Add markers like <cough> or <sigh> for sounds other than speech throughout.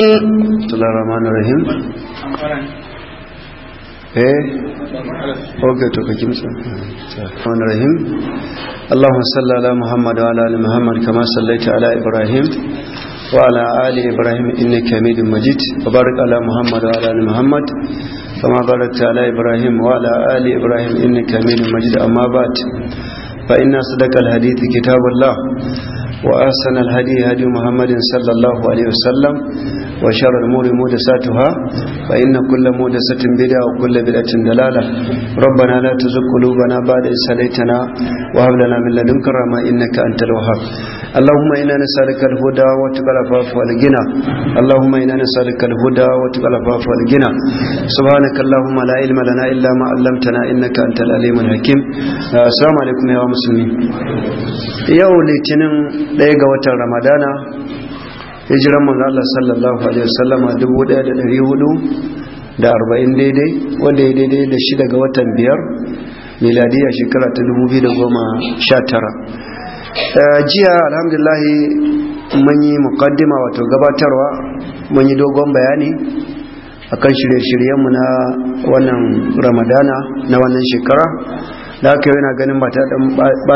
in tularramanarahim eh oge to kakim tularramanarahim allahun sallala muhammadu ala ala muhammadu kama sallaita ala ibrahim wa ala ali ibrahim inna kamidin majid babarik ala muhammadu ala ala muhammadu kama barata ala ibrahim wa ala ali ibrahim inna kamidin majid amma ba ta fa ina sadakal hadithi kitabullah وأحسن الهدي هدي محمد صلى الله عليه وسلم وشر الأمور مودساتها فإن كل مودسة بدعة وكل بدعة دلالة ربنا لا تزغ قلوبنا بعد إذ هديتنا وهب لنا من لدنك رحمة إنك أنت الوهاب اللهم إنا نسألك الهدى وتقى العفاف والغنى اللهم إنا نسألك الهدى وتقى العفاف والغنى سبحانك اللهم لا علم لنا إلا ما علمتنا إنك أنت العليم الحكيم السلام عليكم يا مسلمين يوم الاثنين ɗaya ga watan ramadana hijiran manzo Allah sallallahu alaihi wasallama 1440 daidai wanda ya daidai da shida ga watan biyar a shekara ta 2019 eh, jiya alhamdulahi mun yi mukaddima wato gabatarwa mun yi dogon bayani akan shirye-shiryenmu na wannan ramadana na wannan shekara da haka yana ganin ba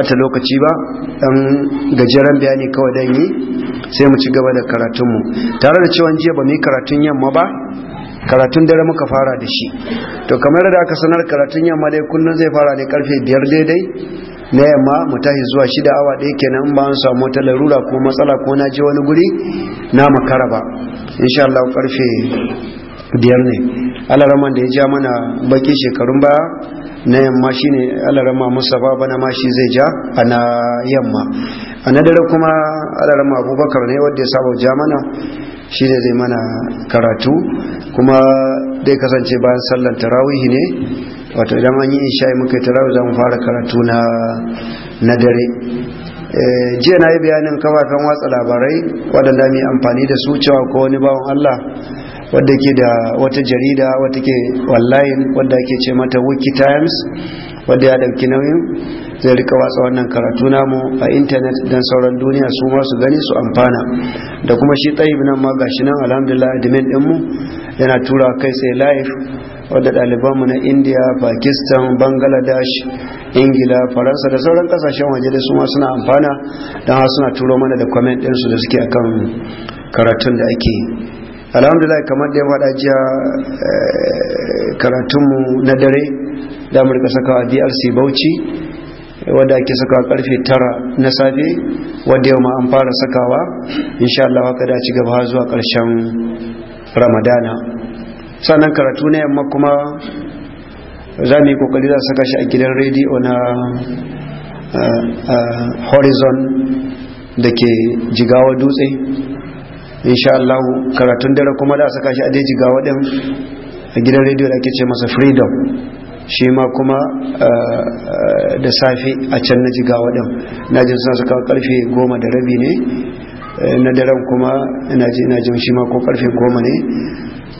ta lokaci ba dan gajeren bayani kawai dan yi sai mu ci gaba da karatunmu tare da cewa jiya ba mu yi karatun yamma ba karatun dare muka fara da shi to kamar da aka sanar karatun yamma dai kullun zai fara ne karfe 5 daidai na yamma mu tashi zuwa shida awa daya kenan ba an samu wata larura ko matsala ko na je wani guri na makara ba insha Allah karfe biyar ne alarama da ya ja mana baki shekarun baya na yamma shine alarama ba bana ma shi zai ja a na yamma a na dare kuma alarama abubakar ne wadda ya saba ja mana shi ne zai mana karatu kuma zai kasance bayan sallan tarawihi ne wato idan an yi insha'i muka yi tarawih za mu fara karatu na dare eh, jiya na yi bayanin kafafen watsa labarai waɗanda mai amfani da su cewa ko wani bawan allah wadda ke da wata jarida wadda ke online wadda ke ce mata wiki times wadda ya dauki nauyin zai rika watsa wannan karatu namu a intanet don sauran duniya su masu gani su amfana da kuma shi tsayib nan ma gashi nan alhamdulillah admin dinmu yana tura kai sai live wadda ɗalibanmu na india pakistan bangladesh ingila faransa da sauran kasashen waje da su ma suna amfana don suna turo mana da comment ɗinsu da suke akan karatun da ake alhamdulillah kamar da ya faɗa jiya eh, karatunmu na dare da mu rika sakawa drc bauchi wadda ake sakawa karfe tara na safe wadda yau ma an fara sakawa insha Allah haka da ci gaba zuwa ƙarshen ramadana sannan karatu na yamma kuma za mu yi kokari za saka shi a gidan rediyo na eh, eh, horizon da ke jigawa dutse insha Allah karatun dare kuma da saka shi a daji ga wadin a gidan rediyo da ake ce masa freedom shi ma kuma eh, eh, da safe a can na jiga ga na jin suna saka karfe goma da rabi ne eh, na daren kuma ina ji ina jin shi ma ko karfe goma ne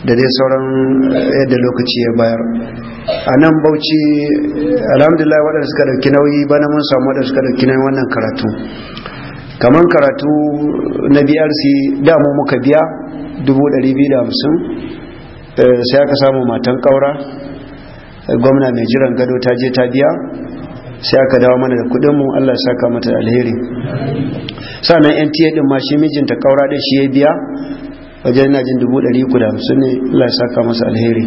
da dai sauran yadda lokaci ya bayar a nan bauchi alhamdulillah waɗanda suka ɗauki nauyi bana mun samu waɗanda suka ɗauki nauyi wannan karatu kamar karatu na brc damu muka biya 250 eh, sai aka samu matan kaura eh, gwamna mai jiran gado ta je ta biya sai aka dawo mana da kudinmu allah ya saka mata alheri sannan nta din ma shi mijinta kaura da shi ya biya wajen najin 350 ne allah ya saka masa alheri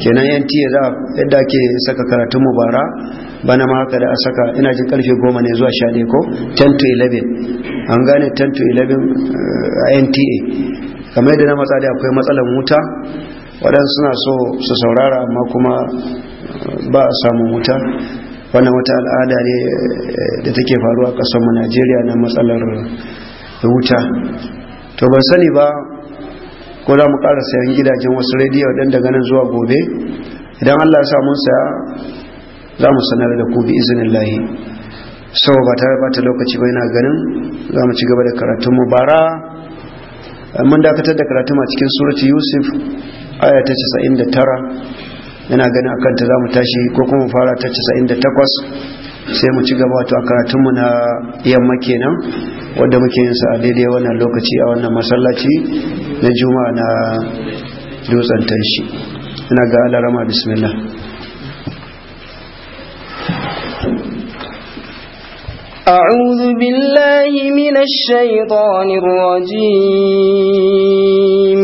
kenan yan tiya za yadda ake saka karatun mubara bana ma haka da a saka ina jin karfe goma ne zuwa shaɗe ko 10 to 11 an gane 10 to 11 eh, a nta kamar yadda na da akwai matsalar wuta waɗansu suna so su saurara amma kuma eh, ba a samun wuta wannan wata al'ada ne eh, da take faruwa a mu najeriya na matsalar wuta to ban sani ba ko za mu ƙara sayan gidajen wasu rediyo dan daga nan zuwa gobe idan allah ya sa mun saya za mu sanar da ku bi izinin lahi sau ba tare lokaci ba yana ganin za mu ci gaba da karatun mu bara mun dakatar da karatun a cikin surati yusuf aya ta 99 yana ganin akanta za mu tashi ko kuma fara ta 98 sai mu ci gaba wato a karatunmu na yamma kenan wadda muke yin sa a daidai wannan lokaci a wannan masallaci na juma'a na dutsen tashi ina ga alarama bismillah أعوذ بالله من الشيطان الرجيم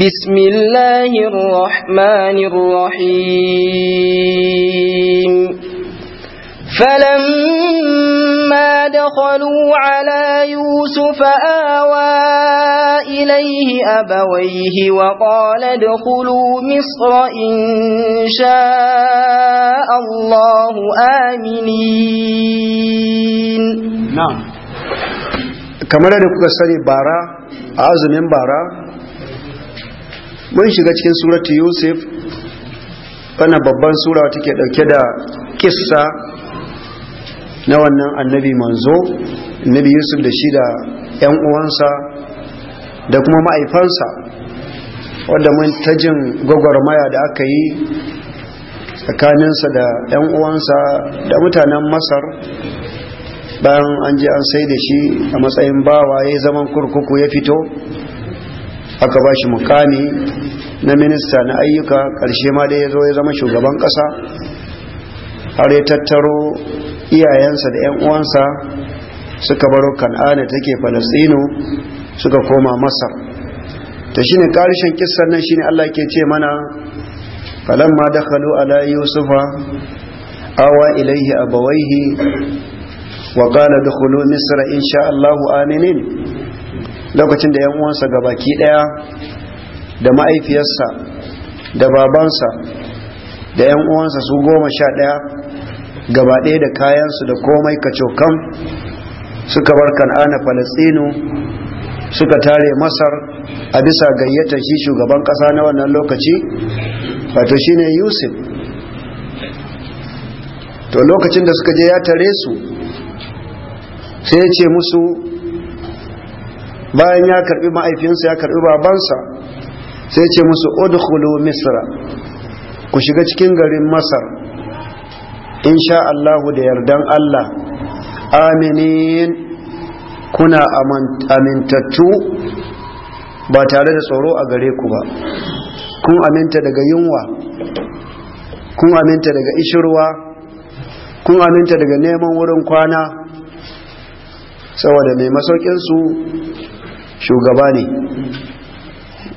بسم الله الرحمن الرحيم فلما دخلوا على يوسف آوى إليه أبويه وقال ادخلوا da إن شاء الله آمنين نعم kamar da kuka sani bara a azumin bara mun shiga cikin suratu yusuf wannan babban sura take ɗauke da kissa na wannan annabi manzo annabi yusuf da shi da 'yan uwansa da kuma ma'aifansa wadda mun ta jin gwagwarmaya da aka yi tsakaninsa da 'yan uwansa da mutanen masar bayan an ji an sai da shi a matsayin bawa ya zaman kurkuku ya fito aka ba shi mukami na minista na ayyuka ƙarshe ma da ya zo ya zama shugaban ƙasa har ya tattaro iyayensa da 'yan uwansa suka baro kan'ana take Falasɗinu suka koma masar ta shine karshen kissan nan shine Allah ke ce mana falamma dakhalu ala yusufa awa ilaihi bawaihi, wa qala dukhulu misra insha Allah aminin lokacin da yan uwansa gabaki ɗaya, da ma'aifiyarsa da babansa da yan uwansa su goma sha ɗaya. gaba ɗaya da kayansu da komai ka cokan suka bar kan'ana falastinu suka tare masar a bisa gayyata shi shugaban ƙasa na wannan lokaci wato ne yusuf to lokacin da suka je ya tare su sai ce musu bayan ya karbi ma'aifinsa ya karbi babansa sai ce musu udkhulu misra ku shiga cikin garin masar in sha Allahu da yardan Allah aminin kuna amintattu ba tare da tsoro a gare ku ba kun aminta daga yunwa kun aminta daga ishirwa kun aminta daga neman wurin kwana saboda mai masaukinsu shugaba ne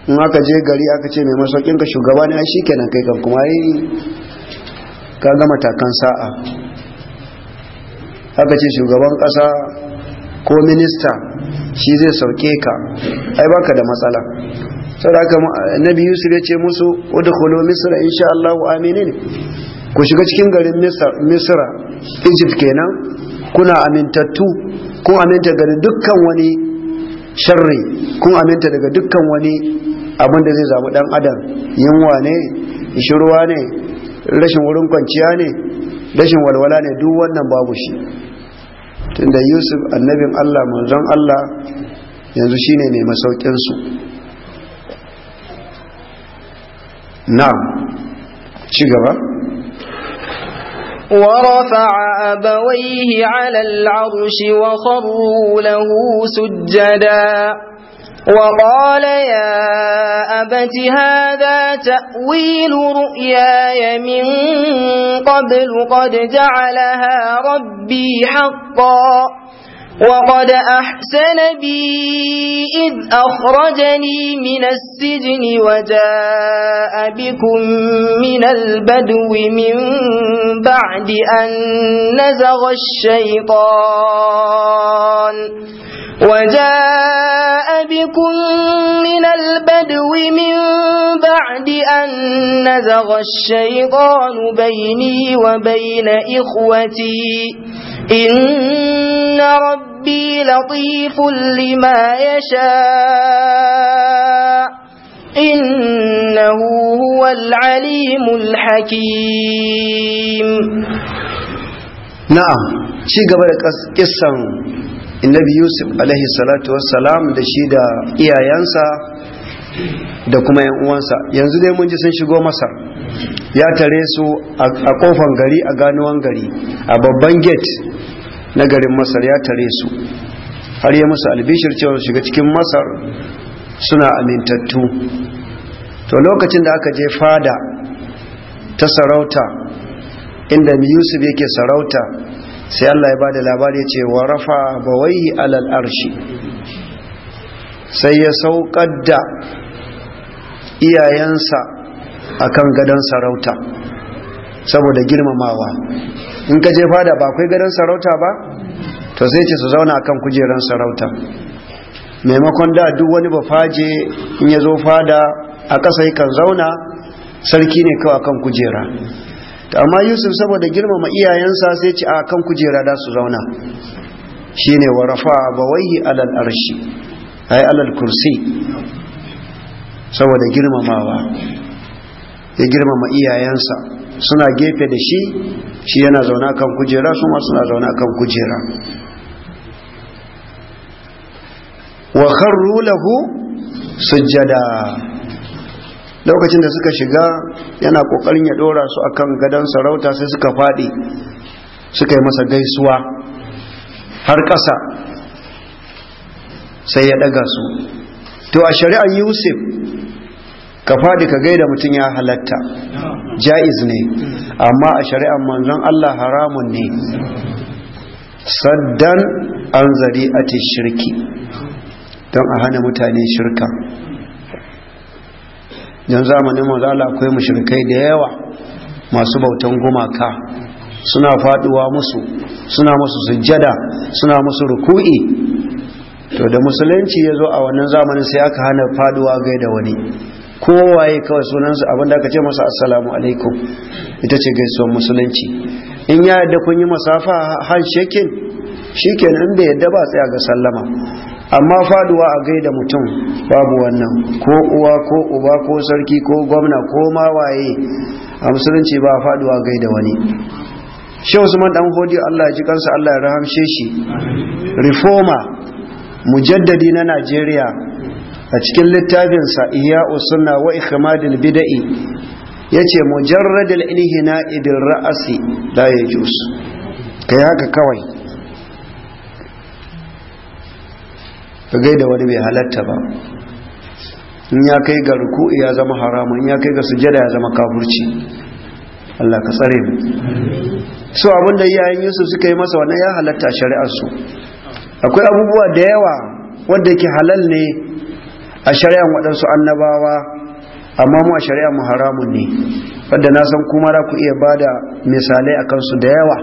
in aka je gari aka ce mai masaukinka shugaba ne a shi kenan kai kan kuma yi ka ga matakan sa'a haka ce shugaban ƙasa ko minista shi zai sauke ka ai baka da matsala saboda nabi yusuf ya ce musu udkhulu misra insha Allah aminin ku shiga cikin garin misra egypt kenan kuna amintattu kun aminta daga dukkan wani sharri kun aminta daga dukkan wani abin da zai zaɓi dan adam yunwa ne shirwa ne rashin wurin kwanciya ne rashin walwala ne duk wannan babu shi tunda yusuf annabin allah manzon allah yanzu shine mai masaukinsu na'am ci gaba ورفع أبويه على العرش وخروا له سجداً وقال يا أبت هذا تأويل رؤياي من قبل قد جعلها ربي حقا وقد أحسن بي إذ أخرجني من السجن وجاء بكم من البدو من بعد أن نزغ الشيطان وجاء بكم من البدو من بعد أن نزغ الشيطان بيني وبين إخوتي إن ربي لطيف لما يشاء إنه هو العليم الحكيم نعم شيء قبل قصة annabi yusuf alaihi salatu wassalam da shi da iyayensa da kuma yan uwansa yanzu dai mun ji sun shigo masar ya tare su a kofan gari a ganuwan gari a babban gate na garin masar ya tare su har ya musu albishir cewa shiga cikin masar suna amintattu to lokacin da aka je fada ta sarauta inda yusuf yake sarauta sai Allah ya bada labari ya ce wa rafa bawaihi alal arshi sai ya saukar da iyayensa akan gadon sarauta saboda girmamawa in ka je fada ba akwai gadon sarauta ba to sai ce su zauna akan kujeran sarauta maimakon da duk wani ba faje in ya zo fada a ƙasa kan zauna sarki ne kawai akan kujera to amma yusuf saboda girmama iyayensa sai ce a kan kujera da su zauna shine wa rafa bawaihi alal arshi ay alal kursi saboda girmamawa ya girmama iyayensa suna gefe da shi shi yana zauna kan kujera su ma suna zauna kan kujera wa kharru lahu sujjada lokacin da suka shiga yana kokarin ya dora su akan gadon sarauta sai suka fadi suka yi masa gaisuwa har ƙasa sai ya daga su to a shari'ar yusuf ka fadi ka gaida mutum ya halatta ja'iz ne amma a shari'ar manzon Allah haramun ne saddan an zari a shirki don a hana mutane shirka don zamanin mazala akwai mushrikai da yawa masu bautan gumaka suna faduwa musu suna musu sujjada suna musu ruku'i to da musulunci ya zo a wannan zamanin sai aka hana faduwa gai da wani kowaye kawai sunansa abinda aka ce masa assalamu alaikum ita ce gaisuwar musulunci in ya yadda kun yi masafa hanshekin shi kenan da yadda ba tsaya ga sallama amma faduwa a gaida mutum babu wannan ko uwa ko uba ko sarki ko gwamna ko mawaye. a musulunci ba faduwa gaida wani shi usman dan hodi Allah ji kansa Allah ya rahamshe shi reforma mujaddadi na Najeriya a cikin littafinsa iya usunna wa ikhmadil bida'i yace mujarradil inhina idil ra'asi la yajus kai haka kawai ka gaida wani bai halatta ba in ya kai ga ruku'i ya zama haramun in ya kai ga sujada ya zama kafurci Allah ka tsare mu so abin da iyayen Yusuf suka yi masa wannan ya halatta shari'ar su akwai abubuwa da yawa wanda yake halal ne a shari'an waɗansu annabawa amma mu a shari'ar mu haramun ne wanda na san kuma za ku iya bada misalai akan su da yawa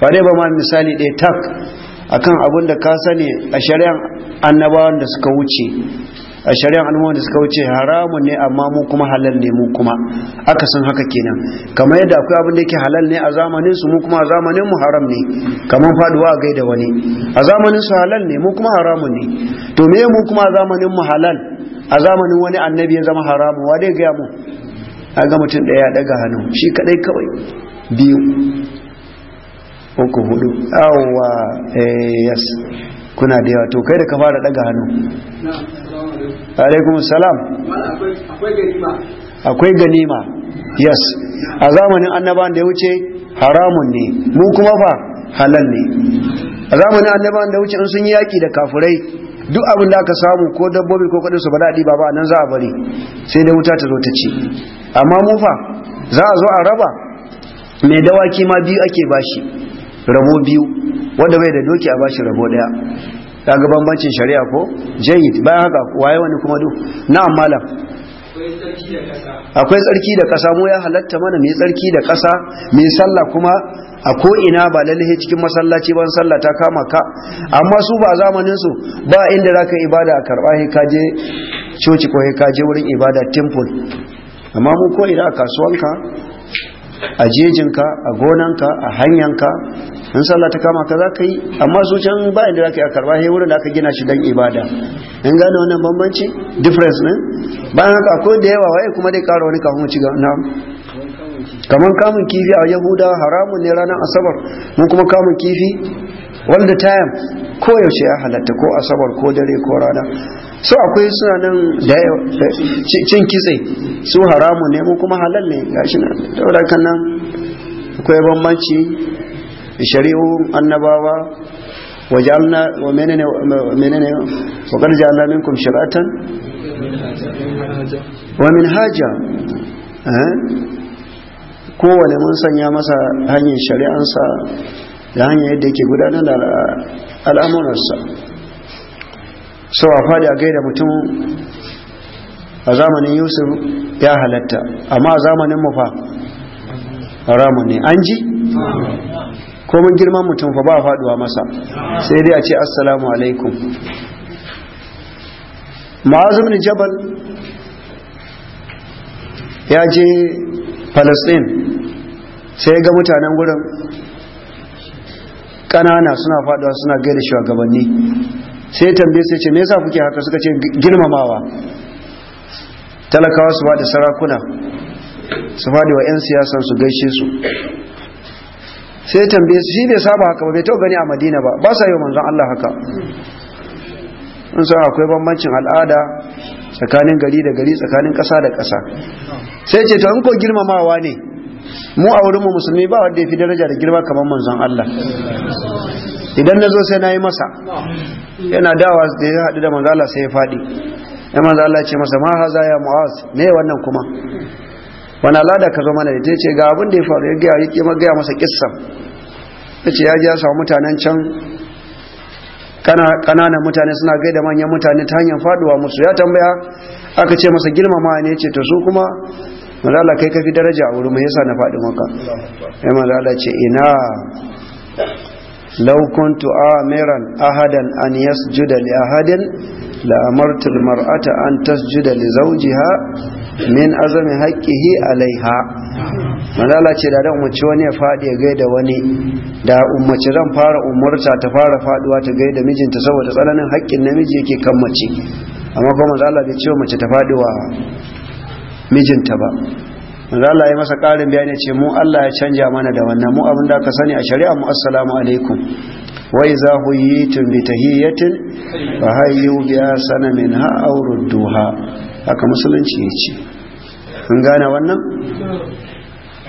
ba dai ba ma misali ɗaya tak akan abin da ka sani a shari'an annabawan da suka wuce a shari'an annabawan da suka wuce haramun ne amma mu kuma halal ne mu kuma aka san haka kenan kamar yadda akwai abin da yake halal ne a zamanin su mu kuma a zamanin mu haram ne kamar faduwa a gaida wani a zamanin su halal ne mu kuma haramun ne to me mu kuma a zamanin mu halal a zamanin wani annabi ya zama haramun wa dai ga mu a ga mutum ɗaya ya hannu shi kadai kawai biyu uku hudu yawwa eh, yes kuna da yawa to kai da ka fara daga hannu alaikum salam akwai ganima yes a zamanin annaban da ya wuce haramun ne mu kuma fa halal ne a zamanin annaban da wuce in sun yi yaki da kafurai duk abin da aka samu ko dabbobi ko kudin su ba daɗi ba ba nan za a bari sai dai wuta ta zo ta ci amma mu fa za a zo a raba mai dawaki ma biyu ake bashi rabo biyu wanda bai da doki a bashi rabo daya ga bambancin shari'a ko jayyid bayan haka waye wani kuma duk na'am malam akwai tsarki da kasa mu ya halatta mana mai tsarki da kasa mai sallah kuma a ko ina ba lalle cikin masallaci ban sallah ta kama ka amma su ba zamanin su ba inda zaka ibada a karba he ka je coci ko he ka je wurin ibada temple amma mu ko ina kasuwanka a jejinka a gonanka a hanyanka in sallah ta kama ka za ka yi amma su can bayan da za ka yi a karba sai wurin da aka gina shi don ibada in gane wannan bambanci difference ne bayan haka akwai da yawa waye kuma dai kara wani kafin ci na kamar kamun kifi a yahuda haramun ne ranar asabar mun kuma kamun kifi wanda the time ko yaushe ya halatta ko asabar ko dare ko rana so akwai suna nan da cin kitse su haramu ne mu kuma halal ne shi nan daura kan nan akwai bambanci shari'un annabawa wajalna wa menene menene wa qad ja'alna minkum shir'atan wa haja? eh kowane mun sanya masa hanyar shari'ansa da hanyar yadda yake gudanar da al'amuransa so a fadi a gaida mutum a zamanin yusuf ya halatta amma a zamanin mu fa haramun ne an ji komin girman mutum fa ba a faduwa masa sai dai a ce assalamu alaikum ma'azin jabal ya je palestine sai ga mutanen wurin ƙanana suna faduwa suna gaida shugabanni sai tambaye sai ce me yasa kuke haka suka ce girmamawa talakawa su ba da sarakuna su ba wa 'yan siyasar su gaishe su sai tambaye shi bai saba haka ba bai taɓa gani a madina ba ba sa yi manzon Allah haka in san akwai bambancin al'ada tsakanin gari da gari tsakanin ƙasa da ƙasa sai ce to in ko girmamawa ne mu a wurin mu musulmi ba wanda ya fi daraja da girma kamar manzon Allah idan na zo sai na yi masa yana dawa da ya haɗu da manzala sai ya faɗi ya manzala ce masa ma haza ya mu'az me wannan kuma wani alada ka zo mana da ta ce ga abin da ya faru ya gaya ya masa kisa ya ce ya ji ya samu mutanen can kananan mutane suna gai da manyan mutane ta hanyar faduwa musu ya tambaya aka ce masa girmama ne ce ta su kuma mazala kai kafi daraja a wurin yasa na faɗi maka ya mazala ce ina لو كنت آمرا أحدا أن يسجد لأحد لأمرت المرأة أن تسجد لزوجها min azumi, haƙƙihi alaiha malala ce da umarci wani ya faɗi ya gaida wani da umarci zan fara umarta ta fara faɗuwa ta gaida mijinta saboda tsananin haƙƙin namiji yake kan mace amma kuma mazala bai ce mace ta faɗi wa mijinta ba manzo Allah ya masa karin bayani ce mu Allah ya canja mana da wannan mu abin da aka sani a shari'a mu assalamu alaikum wa iza huyitum bi tahiyatin fa hayyu bi asana minha aw rudduha haka musulunci yace kun gane wannan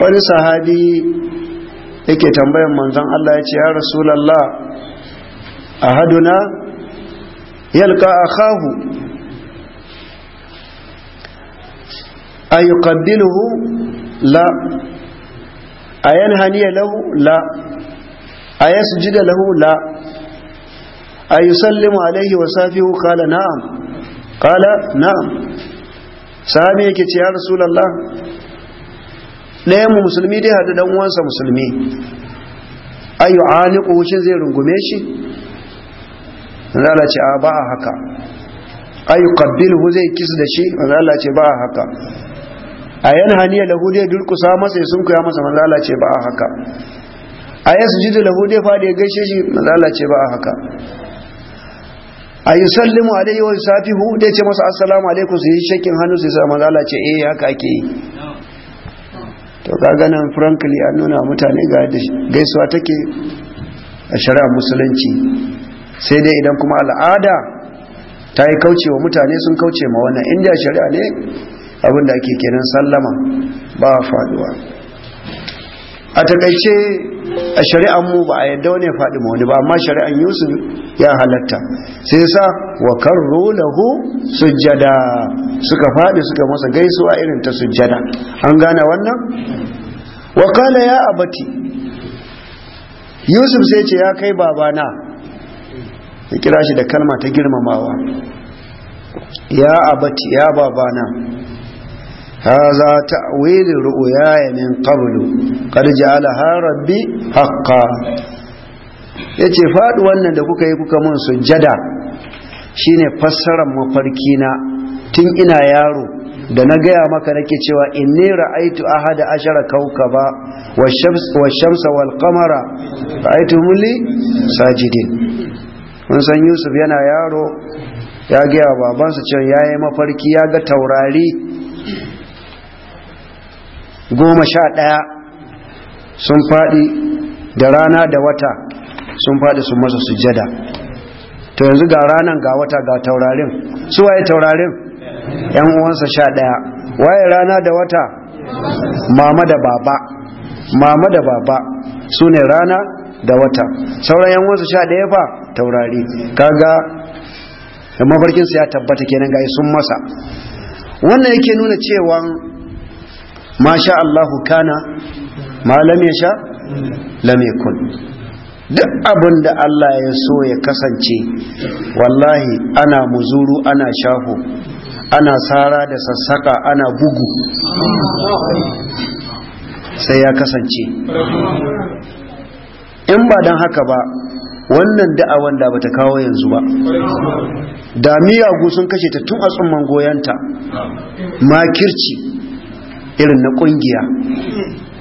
wani sahabi yake tambayan manzon Allah ya ce ya rasulullah ahaduna yalqa akahu ايقبله لا la a لا lahu la a ايسلم lahu la قال نعم alaihi wa sahabi yake ce ya rasulullah ɗayan mu musulmi dai hada dan uwansa musulmi ayu aliku shi zai rungume shi Allah ce a ba haka ayu qabbilu zai kisa da shi ce ba haka a yan haniya lahu dai durkusa masa ya kuya masa manzo ce ba a haka a yasjudu lahu dai fadi ya gaishe shi manzo ce ba a haka a yi sallimu alaihi wa safihu dai ce masa assalamu alaikum su yi shakin hannu su yi sa manzo ce eh haka ake yi to ka ganin frankly an nuna mutane ga gaisuwa take a shari'ar musulunci sai dai idan kuma al'ada ta yi kaucewa mutane sun kauce ma wannan inda shari'a ne abinda ake kenan sallama ba faduwa a takaice a shari'an mu ba a yadda wani ya faɗi ma wani ba amma shari'an yusuf ya halatta sai sa wa karro lahu sujjada suka faɗi suka masa gaisuwa irin ta sujjada an gane wannan wa kala ya abati yusuf sai ce ya kai babana ya kira shi da kalma ta girmamawa ya abati ya babana هذا تأويل رؤياي من قبل قد جعلها ربي حقا yace faduwan wannan da kuka yi kuka mun sujjada shine fassarar mafarkina tun ina yaro da na gaya maka nake cewa inni ra'aitu ahada ashara kaukaba wa shamsa wal-qamara ra'aituhum li sajidin mun san Yusuf yana yaro ya gaya babansa cewa yayi mafarki ya ga taurari goma sha ɗaya sun faɗi da rana da wata sun faɗi su masa sujada to yanzu ga ranan ga wata ga taurarin su waye taurarin yan uwansa sha ɗaya waye rana da wata mama da baba mama da baba su ne rana da wata sauran yan uwansa sha ɗaya fa taurari kaga mafarkinsu ya tabbata kenan ga sun masa wannan yake nuna cewa ma sha Allahu kana ma lam ya sha lam yakun duk abin da Allah ya so ya kasance wallahi ana muzuru ana shafo, ana sara da sassaka ana bugu sai ya kasance in ba don haka ba wannan da'awan da bata kawo yanzu ba da miyagu sun kashe ta tun a tsumman goyonta makirci irin na kungiya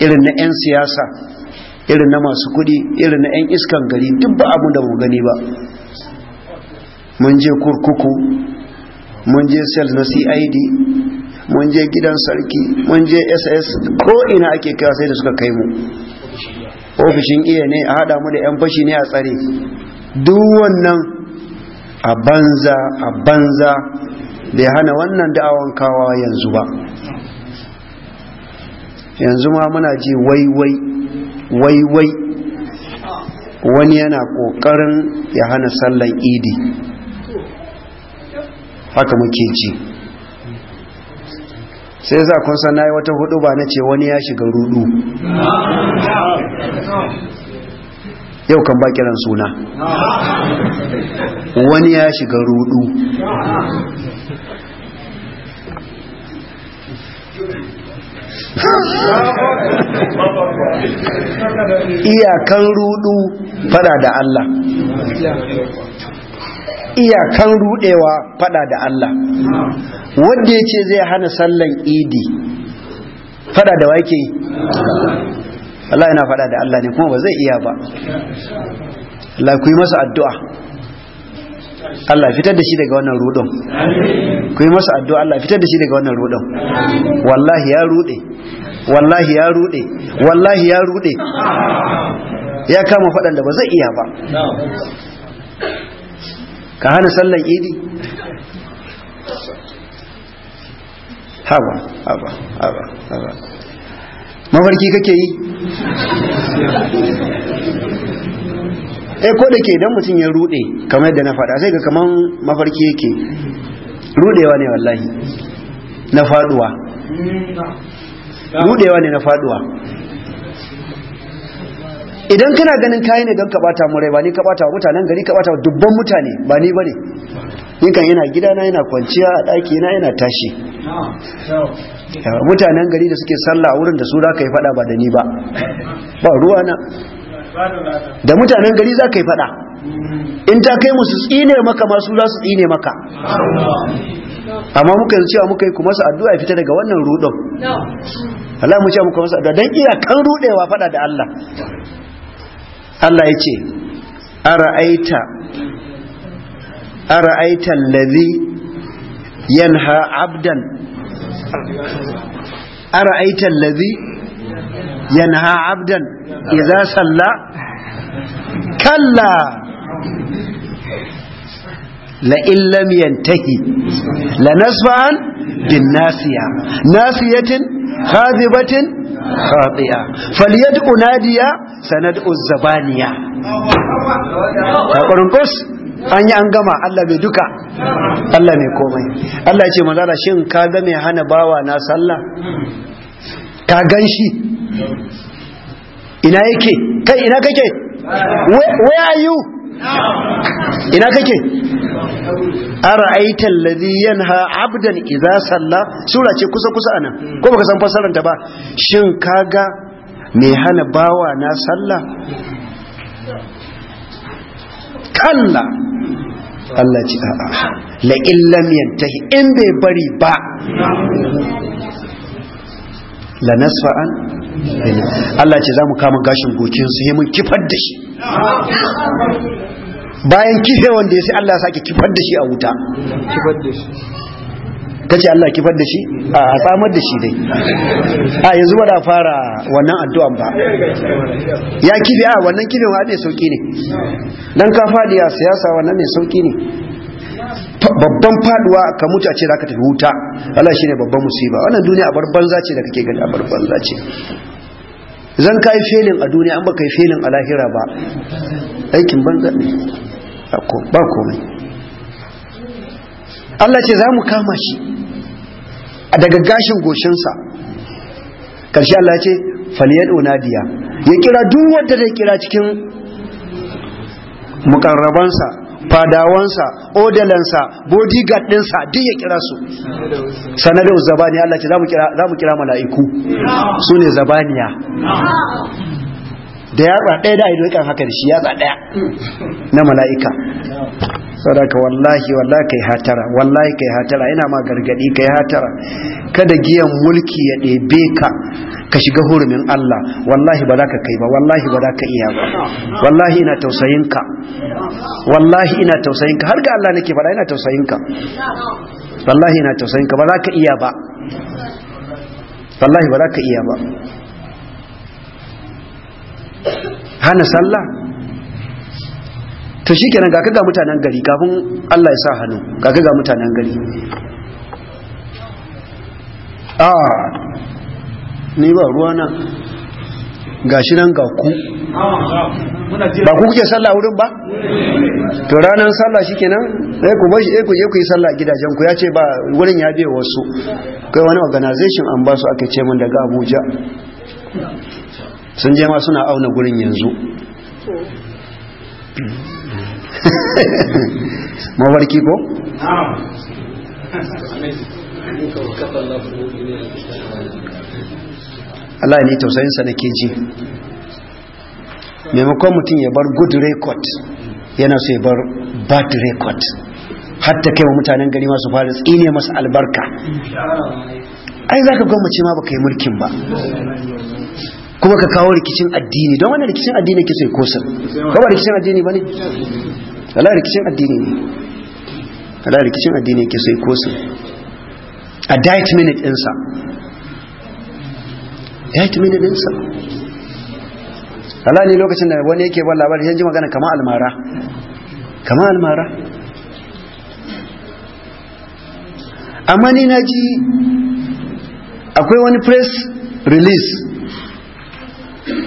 irin na 'yan siyasa irin na masu kudi irin na 'yan iskan gari duk ba abu da mu gani ba mun je kurkuku mun je sel na cid mun je gidan sarki mun je ss ko ina ake kai sai da suka kai mu ofishin iya ne a hada mu da 'yan fashi ne a tsare duk wannan a banza a banza bai hana wannan da'awan kawa yanzu ba yanzu ma muna ji waiwai waiwai wani yana ƙoƙarin ya hana sallan idi haka muke ji sai za kun sana yi wata hudu ba na ce wani ya shiga rudu yau kan bakiran suna wani ya shiga rudu iyakan rudu fada da Allah iyakan rudewa fada da Allah wanda ya zai hana sallan idi fada da wake Allah yana fada da Allah ne kuma ba zai iya ba Allah ku yi masa addu'a Allah fitar da shi daga wannan rudon ku yi masa addu'a Allah fitar da shi daga wannan rudon wallahi ya rude wallahi ya rude wallahi ya rude ya kama faɗan da ba zai iya ba ka hana sallan idi haba haba haba haba mafarki kake yi eh ko da ke idan mutum ya rude kamar yadda na faɗa sai ga kaman mafarki yake rudewa ne wallahi na faduwa rudewa ne na faduwa idan kana ganin kayi ne don ka bata mu rai ba ni ka bata wa mutanen gari ka bata wa dubban mutane ba ni bane ni kan yana gidana yana kwanciya a ɗaki na yana tashi mutanen gari da suke sallah a wurin da su za ka yi faɗa ba da ni ba ba ruwa na da mutanen gari za ka yi fada mm-hmm. in ta kai musu tsine maka masu za su tsine maka amma muka yi cewa muka yi kuma su addu'a fita daga wannan rudon Allah mu ce muka masu addu'a don iya kan rudewa fada da Allah Allah ya ce ara'aita ara'aita yan ha abdan ara'aita allazi yanha abdan idza salla kalla la in lam yantahi la nasfan bin nasiya nasiyatin khadibatin khati'a falyad'u nadiya sanad'u zabaniya takwarin kus an yi an gama Allah mai duka Allah mai komai Allah ce manzara shin ka ga mai hana bawa na sallah ka gan shi ina yake kai ina kake where are you ina kake ara'aita allazi yanha 'abdan idza salla sura ce kusa kusa anan ko baka san fasaran ta ba shin kaga me hana bawa na sallah kalla Allah ci a'a la illam yantahi in bai bari ba la nasfa'an Allah ce za mu kama gashin gokin su mun kifar da shi bayan kife wanda ya sai Allah ya sake kifar da shi a wuta Ta ce Allah kifar da shi a samar da shi dai a yanzu ba da fara wannan addu'an ba ya kife a wannan kife wa ne sauki ne dan ka da a siyasa wannan ne sauki ne babban faduwa ka mutu a ce zaka tafi wuta Allah shine babban musiba wannan duniya a banza ce da kake gani a banza ce zan kai felin a duniya an baka yi felin a lahira ba aikin banza ne ba komai Allah ce za mu kama shi daga gashin goshinsa karshe Allah ce faliyar unadiya ya kira duk wanda zai kira cikin mukarrabansa fadawansa odalansa bodyguard ɗinsa duk ya kira su sanadar zabaniya Allah ce za mu kira mala'iku su ne zabaniya da yatsa ɗaya da ido kan haka da shi yatsa ɗaya na mala'ika sadaka wallahi wallahi kai hatara wallahi kai hatara ina ma gargadi kai hatara kada giyan mulki ya ɗebe ka ka shiga hurumin Allah wallahi ba za ka kai ba wallahi ba za ka iya ba wallahi ina tausayin ka wallahi ina tausayin ka har ga Allah nake faɗa ina tausayin ka wallahi ina tausayin ka ba za ka iya ba wallahi ba za ka iya ba hana sallah to shikenan ga kaga mutanen gari kafin Allah ya sa hannu ga kaga mutanen gari ah ni ba ruwa na gashi nan ga ku ba ku kuke sallah wurin ba to ranar sallah shikenan sai ku bashi ku je ku yi sallah gidajen ku yace ba wurin ya biye wasu kai wani organization an ba su aka ce mun daga Abuja sun je ma suna auna gurin yanzu mawarki ko? Allah ne tausayinsa na keji maimakon mutum ya bar good record yana so ya bar bad record hatta kai wa mutanen gari masu fara tsine masu albarka ai za ka gwamnati ma baka yi mulkin ba kuma ka kawo rikicin addini don wani rikicin addini ke sai kosa ba rikicin addini ba ne ala rikicin addini ne ala rikicin addini ke sai kosa a diet minute ɗinsa diet minute ɗinsa ala ne lokacin da wani yake ban labari yanzu magana kama almara kama almara amma ni na ji akwai wani press release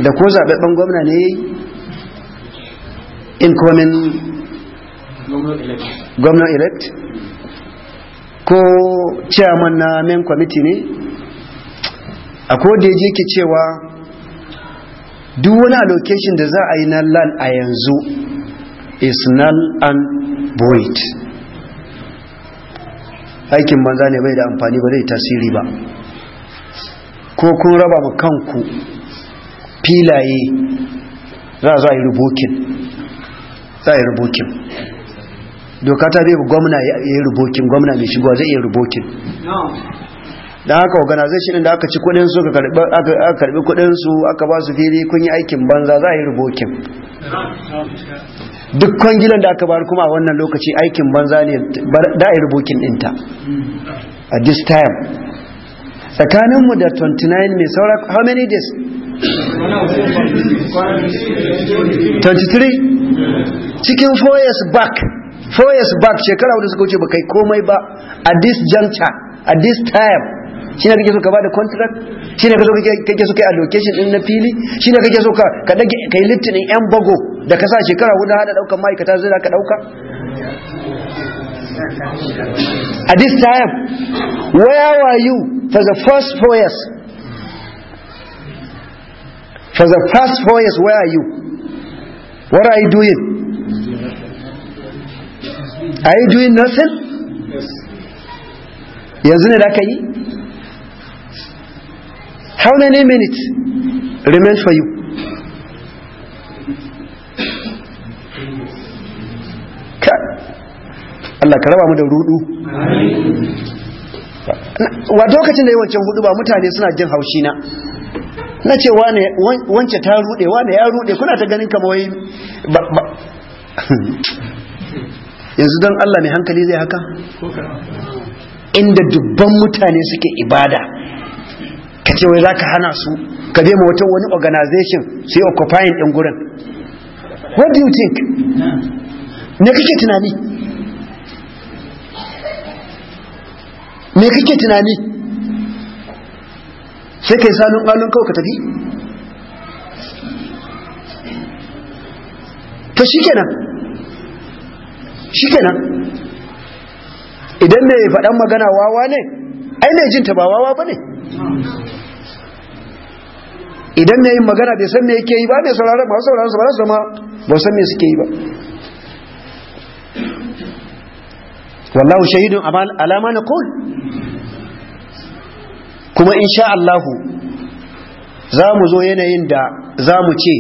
da ko zaɓaɓɓen gwamna ne in kuma min gwamna elect ko chairman na main committee ne a kodaji ke cewa duk wani allocation da za a yi na land a yanzu is null and void aikin banza ne bai da amfani ba zai tasiri ba ko kun raba ma kanku filaye za a yi rubokin za a yi rubokin doka ta bai gwamna ya yi rubokin gwamna mai shigowa zai iya rubokin da haka organization da aka ci kudinsu aka karbi kudinsu aka ba su fili kun yi aikin banza za a yi rubokin duk kwangilan da aka bar kuma a wannan lokaci aikin banza ne da a yi rubokin dinta A this time tsakaninmu da 29 mai saura how many days 23 cikin 4 years back 4 years back shekara wadda suka wuce ba kai komai ba at this juncture at this time shi ne kake so ka da contract shi ne kake so yi allocation din na fili shi ne kake so ka dage kai littin yan bago da ka sa shekara wadda hada daukan ma'aikata zai ka dauka at this time where were you for the first four years For the past four years, where are you? What are you doing? Are you doing nothing? Yanzu ne da ka yi? How many minutes remain for you? Allah ka raba mu da rudu. Wa lokacin da yawancin hudu ba mutane suna jin haushi na. na ce wance ta rude wane ya rude kuna ta ganin kama wai <laughs> yanzu don Allah mai hankali zai haka inda dubban mutane suke ibada ka ce wai za ka hana su ka bai wata wani organization su yi occupying ɗin gurin what do you think me kake tunani me kake tunani sai kai salon alon kawai ka tafi ta shi kenan shi kenan idan mai faɗan magana wawa ne ai mai jinta ba wawa ba ne idan mai yin magana bai san me yake yi ba mai sauraron masu sauraron su ba su ba san me suke yi ba wallahu shahidun alama na kowai kuma insha Allah za mu zo yanayin da za mu ce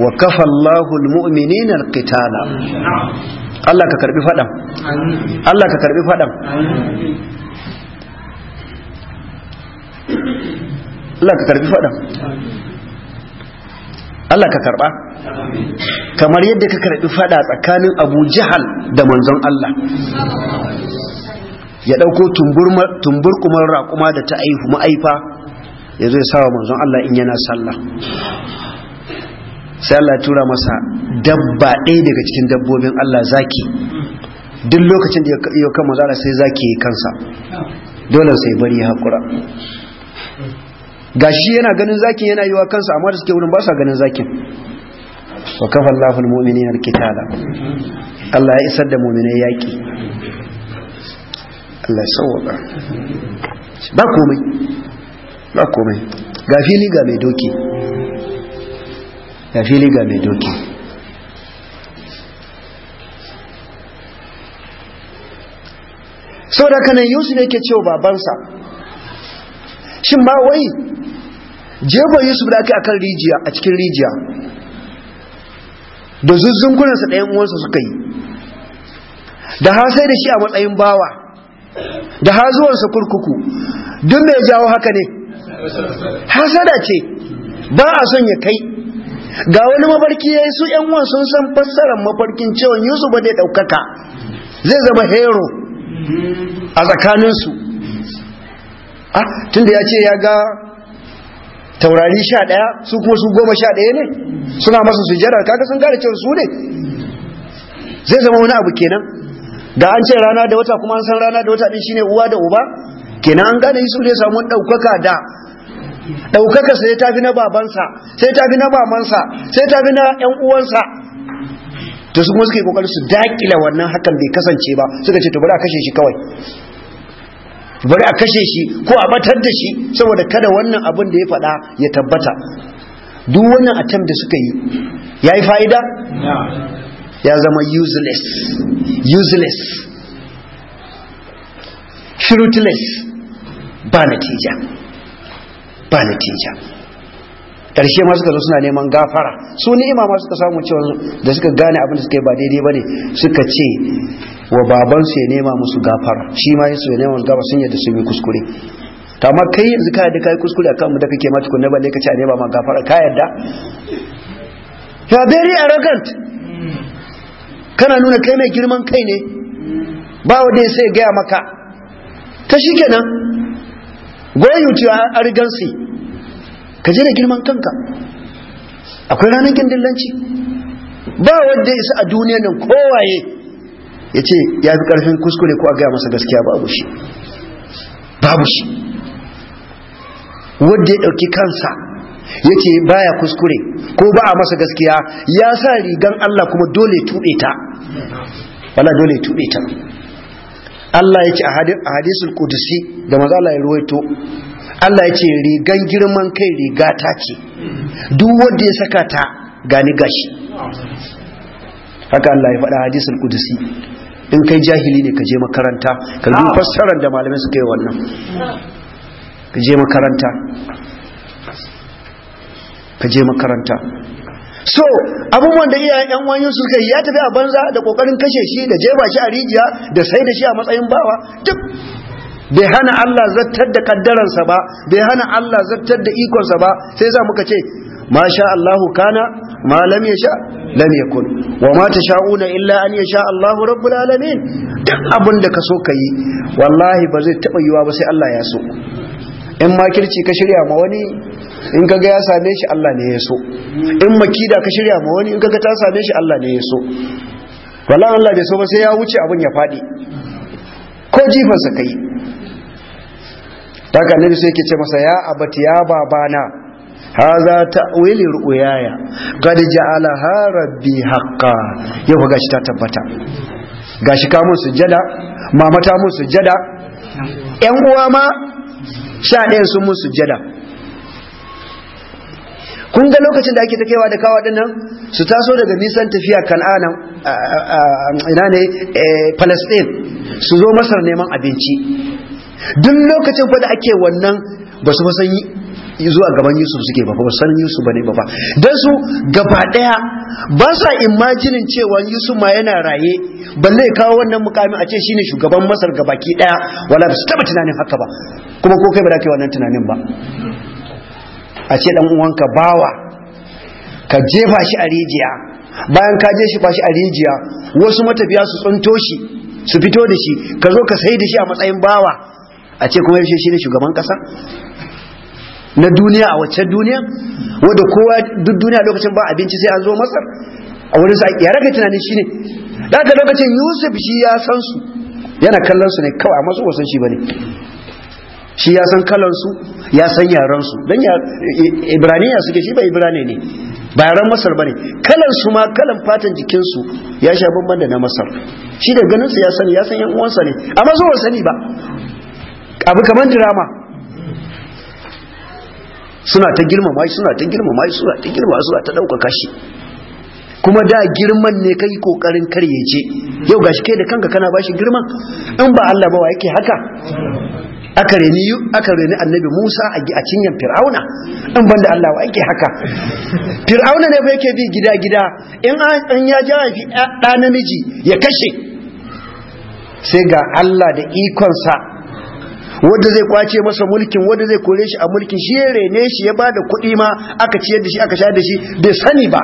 wa kafa Allahul mu'minina alqitala Allah ka karbi fadan Allah ka karbi fadan Allah ka karbi fadan Allah ka karba kamar yadda ka karbi fada tsakanin Abu Jahal da manzon Allah ya ɗauko tumburkumar raƙuma da ta aihu ma'aifa ya zai sawa manzon Allah in yana sallah sai Allah tura masa dabba ɗaya daga cikin dabbobin Allah zaki duk lokacin da ya kan manzon Allah sai zaki kansa dole sai bari ya haƙura gashi yana ganin zakin yana yiwa kansa amma da suke wurin ba sa ganin zakin wa kafa Allahul mu'minina kitala Allah ya isar da mu'minai yaƙi. Allah ya sauwaka ba komai ba komai ga fili ga mai doki ga fili ga mai doki sau da yusuf ne ke wa babansa shin ba wai jefa yusuf da aka akan rijiya a cikin rijiya da zuzzunkunansa ɗayan uwansa suka yi da har sai da shi a matsayin bawa da hazuwansa kurkuku duk mai jawo haka ne hasada ce ba a son ya kai ga wani mafarki ya su yan uwan sun san fassarar mafarkin cewa yusuf ba zai ɗaukaka zai zama hero a tsakaninsu tun tunda ya ce ya ga taurari sha ɗaya su kuma su goma sha ɗaya ne suna masu sujjada kaka sun gane cewa su ne zai zama wani abu kenan da an ce rana da wata kuma an san rana da wata din shine uwa da uba kenan an gane Yusuf zai samu daukaka da daukaka sai ta fi na babansa sai ta fi na mamansa sai ta fi na yan uwansa to su kuma suke kokarin su dakila wannan hakan bai kasance ba suka ce to bari a kashe shi kawai bari a kashe shi ko a batar da shi saboda kada wannan abin da ya faɗa ya tabbata duk wannan attempt da suka yi yayi fa'ida ya zama useless useless fruitless ba natija ba natija ƙarshe ma suka zo suna neman gafara su ni'ima ma suka samu cewa da suka gane abin da suka yi ba daidai ba ne suka ce wa babansu ya nema musu gafara shi ma su ya nema musu gafara sun yadda su yi kuskure ta ma kai yanzu ka yadda kai kuskure a kanmu da kake kunne ba ne ka ce a nema ma gafara ka yadda you are very arrogant hmm. kana nuna kai mai girman kai ne ba wanda sai gaya maka ta shi kenan goyi to argansi ka je da girman kanka akwai ranar gindillanci ba wanda isa a duniya nan kowaye ya ce ya fi karfin kuskure ko a gaya masa gaskiya babu shi babu shi wanda ya ɗauki kansa ya baya kuskure ko ba a masa gaskiya ya sa rigan Allah kuma dole tuɓe ta wala dole tuɓe ta Allah ya ce a hadisul kudusi da maza Allah ya ruwaito Allah ya ce rigan girman kai riga ta ce duk wanda ya saka ta gani gashi haka Allah ya faɗa hadisul kudusi in kai jahili ne ka je makaranta ka fassarar da malamai suka yi wannan ka je makaranta ka je makaranta so abubuwan da iya yan wani suka yi ya tafi a banza da kokarin kashe shi da jeba shi a rijiya da sai da shi a matsayin bawa duk bai hana Allah zartar da kaddaransa ba bai hana Allah zartar da ikonsa ba sai za muka ce ma sha Allahu kana ma lam yasha lam yakun wa ma tasha'una illa an ya sha? Allahu rabbul alamin duk abin da ka so ka yi, wallahi ba zai taba yiwa ba sai Allah ya so in makirci ka shirya ma wani in kaga ya same shi Allah ne ya so in makida ka shirya ma wani in kaga ta same shi Allah ne ya so wala Allah bai so ba sai ya wuce abin ya fadi ko jifan sa kai daga annabi sai yake ce masa ya abati ya babana haza ta'wili ru'yaya qad ha rabbi haqqan yau ga shi ta tabbata gashi ka mun sujjada mama mun sujjada yan uwa ma sha ɗayan sun mun jada, kun ga lokacin da ake ta kaiwa da kawo dinnan su taso daga nisan tafiya kan'ana ina ne eh, palestine su zo masar neman abinci duk lokacin fa da ake wannan ba su masan zuwa gaban Yusuf suke ba ba sanin Yusuf bane ba fa dan su gaba daya ba sa imajinin cewa Yusuf ma yana raye balle kawo wannan mukamin a ce shine shugaban Masar gabaki daya wala ba su taba tunanin haka ba kuma ko kai ba da kai wannan tunanin ba a ce dan uwanka bawa ka jefa shi a rijiya bayan ka je shi ba a rijiya wasu matafiya su tsunto shi su fito da shi ka zo ka sai da shi a matsayin bawa a ce kuma yaushe shi ne shugaban kasa na duniya a waccan duniya wadda kowa duk duniya lokacin ba abinci sai an zo masar a wurin sa ya raka tunanin shi ne da aka lokacin yusuf shi ya san su yana kallon su ne kawai amma su san shi bane shi ya san kallon su ya san yaran su dan ibraniya suke shi ba ibrani ne ba yaran masar bane kalan su ma kalan fatan jikin su ya sha bamban da na masar shi da ganin su ya sani ya san yan uwansa ne amma su sani ba abu kamar drama suna ta girmama shi suna ta girmama shi suna ta girma suna ta dauka kashi kuma da girman ne kai kokarin karyece yau gashi kai da kanka kana bashi girma? in ba Allah ba wa yake haka aka reni aka reni annabi Musa a cinyan Fir'auna in banda Allah wa yake haka Fir'auna ne fa yake bi gida gida in an ya ja fi da namiji ya kashe sai ga Allah da ikonsa wanda zai kwace masa mulkin wanda zai kore shi a mulkin shi ya rene shi ya ba da kuɗi ma aka ciyar da shi aka sha da shi bai sani ba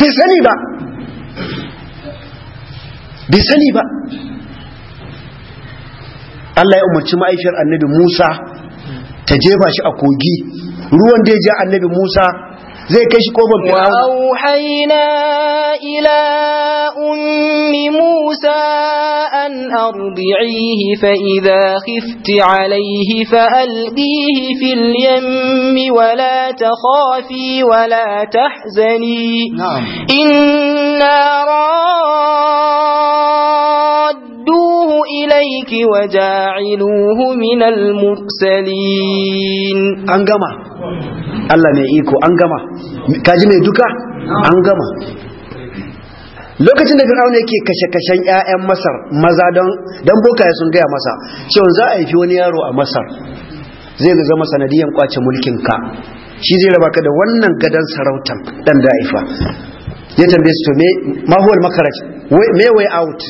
bai sani ba bai sani ba Allah ya umarci ma'aikiyar annabi Musa ta jefa shi a kogi ruwan da ya ja annabi Musa zai kai shi kofar fir'auna auhayna ila ummi musa an ardi'ihi fa idha khifti alayhi fa alqihi fil yammi wa la takhafi wa la tahzani inna raddu إليك وجاعلوه من المرسلين أنقما الله ميئيكو أنقما كاجمي دوكا أنقما lokacin da fir'aun yake kashe-kashen 'ya'yan masar maza don bokaye sun gaya masa cewa za a yi wani yaro a masar zai zama sanadiyan kwace mulkin ka. shi zai raba ka da wannan gadon sarautar dan da'ifa ya tambaye su to me ma huwal makaraj out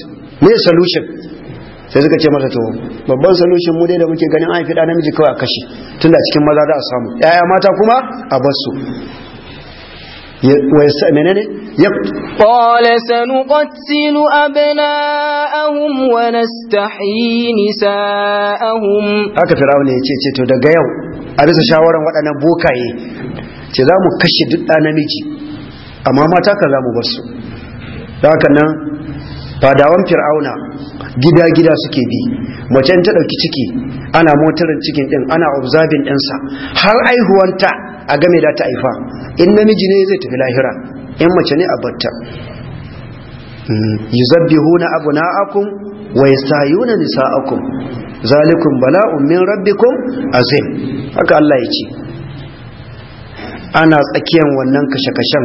me solution sai suka ce masa to babban solution mu dai da muke ganin an fiɗa namiji kawai a kashi tun da cikin maza za a samu yaya mata kuma a basu menene ya qala sanuqtilu abna'ahum wa nastahyi nisa'ahum haka firawuna yace ce to daga yau a bisa shawaran waɗannan bokaye ce za mu kashe duk ɗa namiji amma mata kan za mu basu da haka nan fadawan fir'auna gida-gida suke bi mace ta ɗauki ciki ana motarin cikin ɗin ana observing ɗinsa har aihuwanta a game da ta haifa in namiji ne zai tafi lahira in mace ne a batta hmm, yuzabbihuna abna'akum wa yastayuna nisa'akum zalikum bala'un min rabbikum azim haka Allah ya ce ana tsakiyar wannan kashe-kashen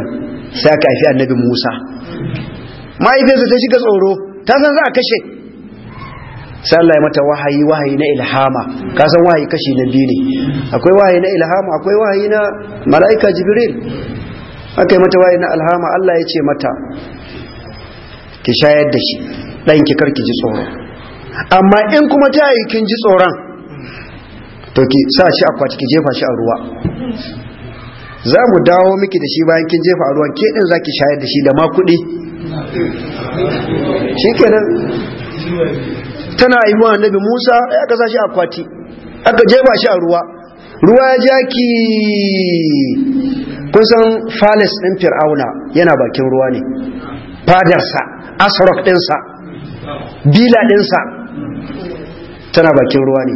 sai aka haifi annabi Musa Mahaifinsa ta shiga tsoro ta san za a kashe sai Allah ya mata wahayi wahayi na ilhama ka san wahayi kashi na biyu ne akwai wahayi na ilhama akwai wahayi na mala'ika jibril aka yi mata wahayi na alhama. Allah ya ce mata ki shayar da shi dan ki karki ji tsoro amma in kuma ta yi kin ji tsoron to ki sa shi akwati ki jefa shi a ruwa za mu dawo miki da shi bayan kin jefa a ruwan ke din zaki shayar da shi da ma kuɗi shikenan tana haihuwa annabi Musa ya kasa shi akwati aka jeba shi a ruwa ruwa ya jaki kun san falis ɗin fir'auna yana bakin ruwa ne fadarsa asarok ɗinsa bila ɗinsa tana bakin ruwa ne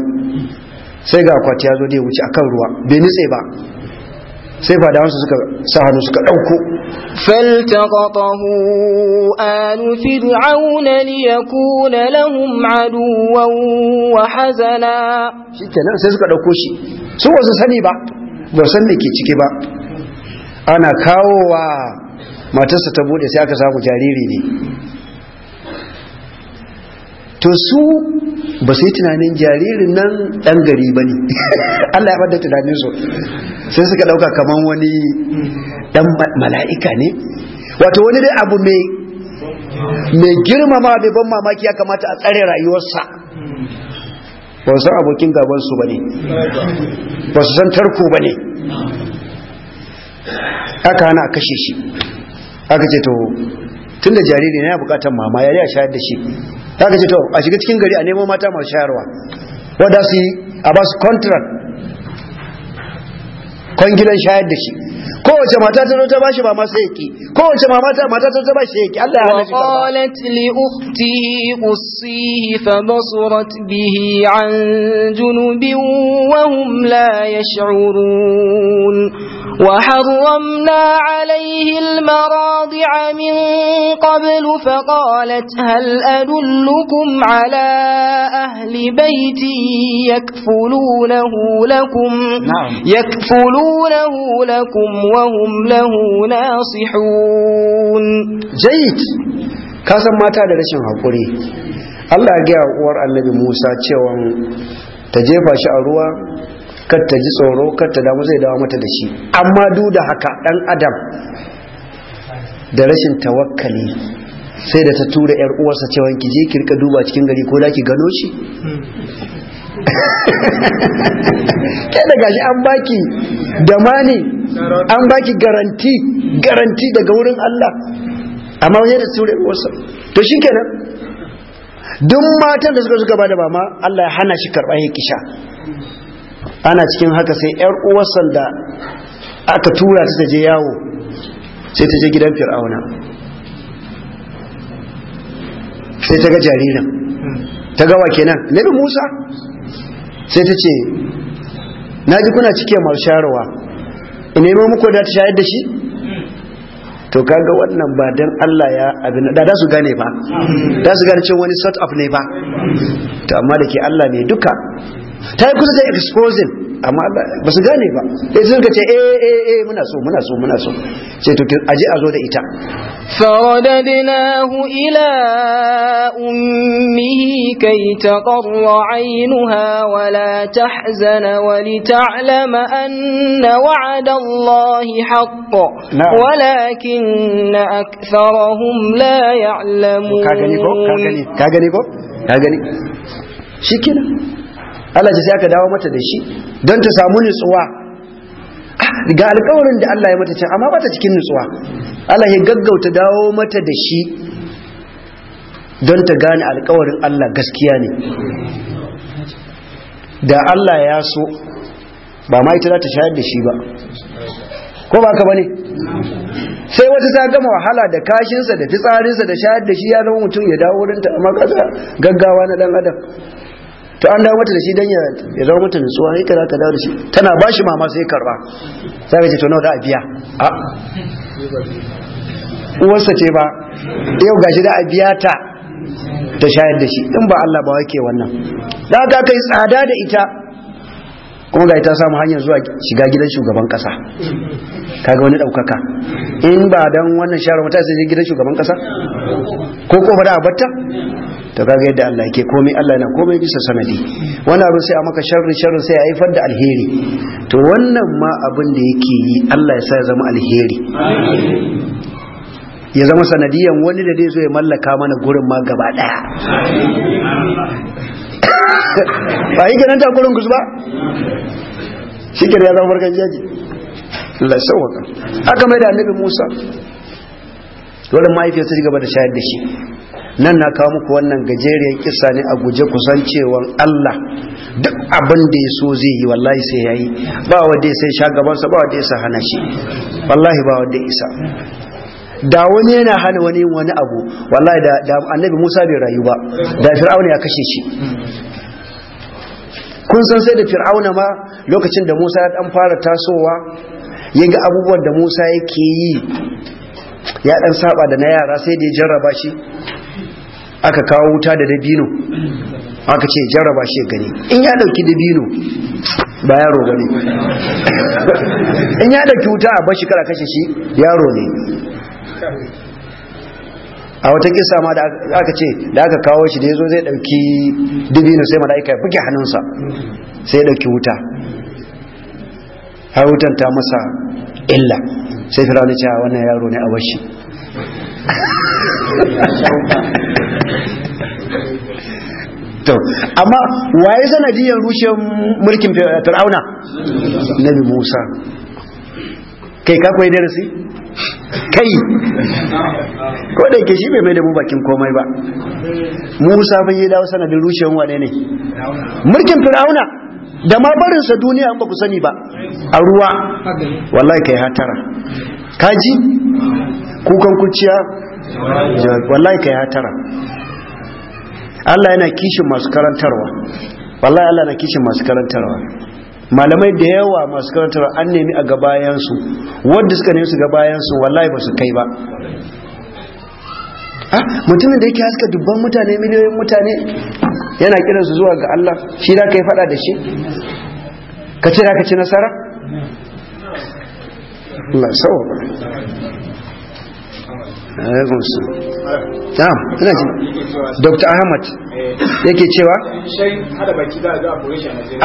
sai ga akwati ya zo da ya wuce akan ruwa bai nutse ba sai fadawansu suka sa hannu suka ɗauko faltaqatahu alu fir'auna liyakuna lahum aduwan wa hazana shikenan sai suka ɗauko shi su wasu sani ba ba san me ke ciki ba ana kawowa matarsa ta bude sai aka samu jariri ne to su ba su yi tunanin jaririn nan ɗan gari ba ne <laughs> allah ya bada tunanin su sai suka ɗauka kamar wani ɗan mala'ika ne wato wani dai abu mai girmama bai ban mamaki ya kamata a tsare rayuwarsa ba su san abokin gabansu ba ne ba su san tarko ba ne aka hana a kashe shi aka ce to tun da jariri na ya bukatar mama ya a shayar da shi ta ka ce to a shiga cikin gari a nemo mata masu shayarwa wadda su yi a ba su contract kwangilan shayar da shi kowace mata ta zo ta bashi ba ma sai yake kowace mata mata ta zo ta bashi sai yake Allah ya hana shi ba qalat li ukhti qussihi fa basurat bihi an junubin wa hum la yash'urun وحرمنا عليه المراضع من قبل فقالت هل أدلكم على أهل بيتي يكفلونه لكم يكفلونه لكم وهم له ناصحون جيد kasan mata da rashin haƙuri Allah ya gaya uwar annabi Musa cewa ta jefa shi a ruwa kar ta ji tsoro kar ta damu zai dawo mata da shi amma duk da haka dan adam da rashin tawakkali sai da ta tura yar uwarsa cewa ki je ki rika duba cikin gari ko da ki gano shi <laughs> kai da gashi an baki da mani an baki garanti garanti daga wurin Allah amma wani da tsure wasu to shi kenan duk matan da suka suka bada ba ma Allah ya hana shi karɓa ya kisha ana cikin haka sai yar uwarsa da aka tura ta je yawo sai ta je gidan fir'auna sai ta ga jaririn ta gawa kenan nabi musa sai ta ce na ji kuna cike marsharawa in nemo muku da ta shayar da shi to kaga wannan ba dan Allah ya abin da da su gane ba? da su gane wani sort of ne ba to amma da ke Allah ne duka ta yi kusa ta exposing amma Allah ba su gane ba sai su suka ce eh eh eh muna so muna so muna so sai to aje a zo da ita faradadnahu ila ummihi kay taqarra aynuha wa la tahzana wa lit'lama anna wa'ada Allahi haqqo walakinna aktharahum la ya'lamun ka gani ko ka gani ka gani ko ka gani shikenan Allah ce sai aka dawo mata da shi don ta samu nutsuwa ah, ga alkawarin da Allah ya mata can amma ba ta cikin nutsuwa Allah ya gaggauta dawo mata da shi don ta gane alkawarin Allah gaskiya ne da Allah ya so ba ma ita za ta shayar da shi ba ko ba ka bane sai wata ta gama wahala da kashinsa da fitsarinsa da shayar da shi ya zama mutum ya dawo wurinta amma gaggawa na dan adam to an dawo mata da shi dan ya zama mata nutsuwa sai kaza ka dawo da shi tana ba shi mama sai karba sai ka ce to nawa da a biya a uwarsa ce ba yau gashi da biya ta ta shayar da shi in ba Allah ba wake wannan da aka kai tsada da ita kuma ga ta samu hanyar zuwa shiga gidan shugaban kasa kaga wani daukaka in ba dan wannan shara mata sai gidan shugaban kasa ko ko da abatta to kaga yadda Allah yake komai Allah yana komai bisa sanadi wani abu sai a maka sharri sharri sai a haifar da alheri to wannan ma abin da yake yi Allah ya sa ya zama alheri ya zama sanadiyan wani da zai zo ya mallaka mana gurin ma gaba daya ba yi kenan takurin kusu ba shi ke ya zama farkon jaji lasawaka aka mai da annabi musa dole mahaifiyarsa ji gaba da shayar da shi nan na kawo muku wannan gajeriyar kisa ne a guje kusancewan Allah duk abin da ya so zai yi wallahi sai ya yi. ba wadda ya sai sha gabansa ba wadda ya sa hana shi wallahi ba wadda ya isa da wani yana hana wani wani abu wallahi da annabi Musa bai rayu ba da Fir'auna ya kashe shi kun san sai da fir'auna ma lokacin da musa ya dan fara tasowa ya ga abubuwan da musa yake yi ya dan saba da na yara sai da ya jarraba shi aka kawo wuta da dabino aka ce jarraba shi gani in ya dauki dabino ba yaro bane <laughs> in ya dauki wuta a bashi kara kashe shi yaro ne a wata kisa ma da aka ce da aka kawo shi da ya zo zai ɗauki dibino sai mala'ika ya buge hannunsa sai ya ɗauki wuta har wutan ta masa illa sai firawun ce wannan yaro ne a washi to amma waye sanadiyar rushe mulkin fir'auna nabi musa kai ka koyi darasi kai ko da yake shi bai mai da mu bakin komai ba musa bai yi dawo sanadin rushewan wane ne mulkin fir'auna da ma barinsa duniya ba ku sani ba a ruwa wallahi kai hatara kaji kukan kuciya wallahi kai hatara Allah yana kishin masu karantarwa wallahi Allah yana kishin masu karantarwa malamai da yawa masu karantar an nemi a gabayansu wadda suka nemi su gabayansu wallahi ba su kai ba ah, mutumin da yake haska dubban mutane miliyoyin mutane yana kiransu zuwa ga Allah shi da ka yi fada da shi ka ce da ka ci nasara Allah sawa alaikum salam na'am ji dr ahmad yake cewa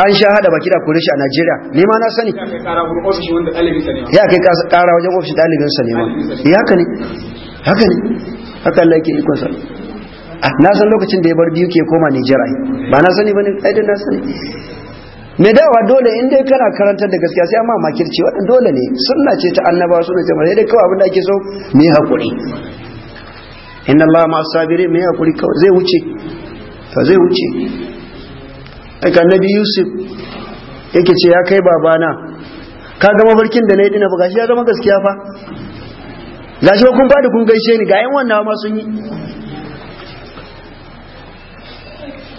an sha hada baki da kore shi a najeriya ne ma na sani ya kai kara wajen ofishin ɗalibinsa ne ma ya haka ne haka ne haka Allah yake ikonsa ah, na san lokacin da ya bar biyu ke koma nijar ai ba na sani ba ne ɗaiɗin na sani mai dawa dole in dai kana karantar da gaskiya sai amma makirci wannan dole ne suna ce ta annaba suna ce mai dai kawai abin da ake so mai hakuri inna Allah ma sabiri mai hakuri kawai zai wuce fa zai wuce daga nabi Yusuf yake ce ya kai babana ka gama farkin da na yi dina ba gashi ya zama gaskiya fa gashi kun fadi kun gaishe ni ga yan wannan ma sun yi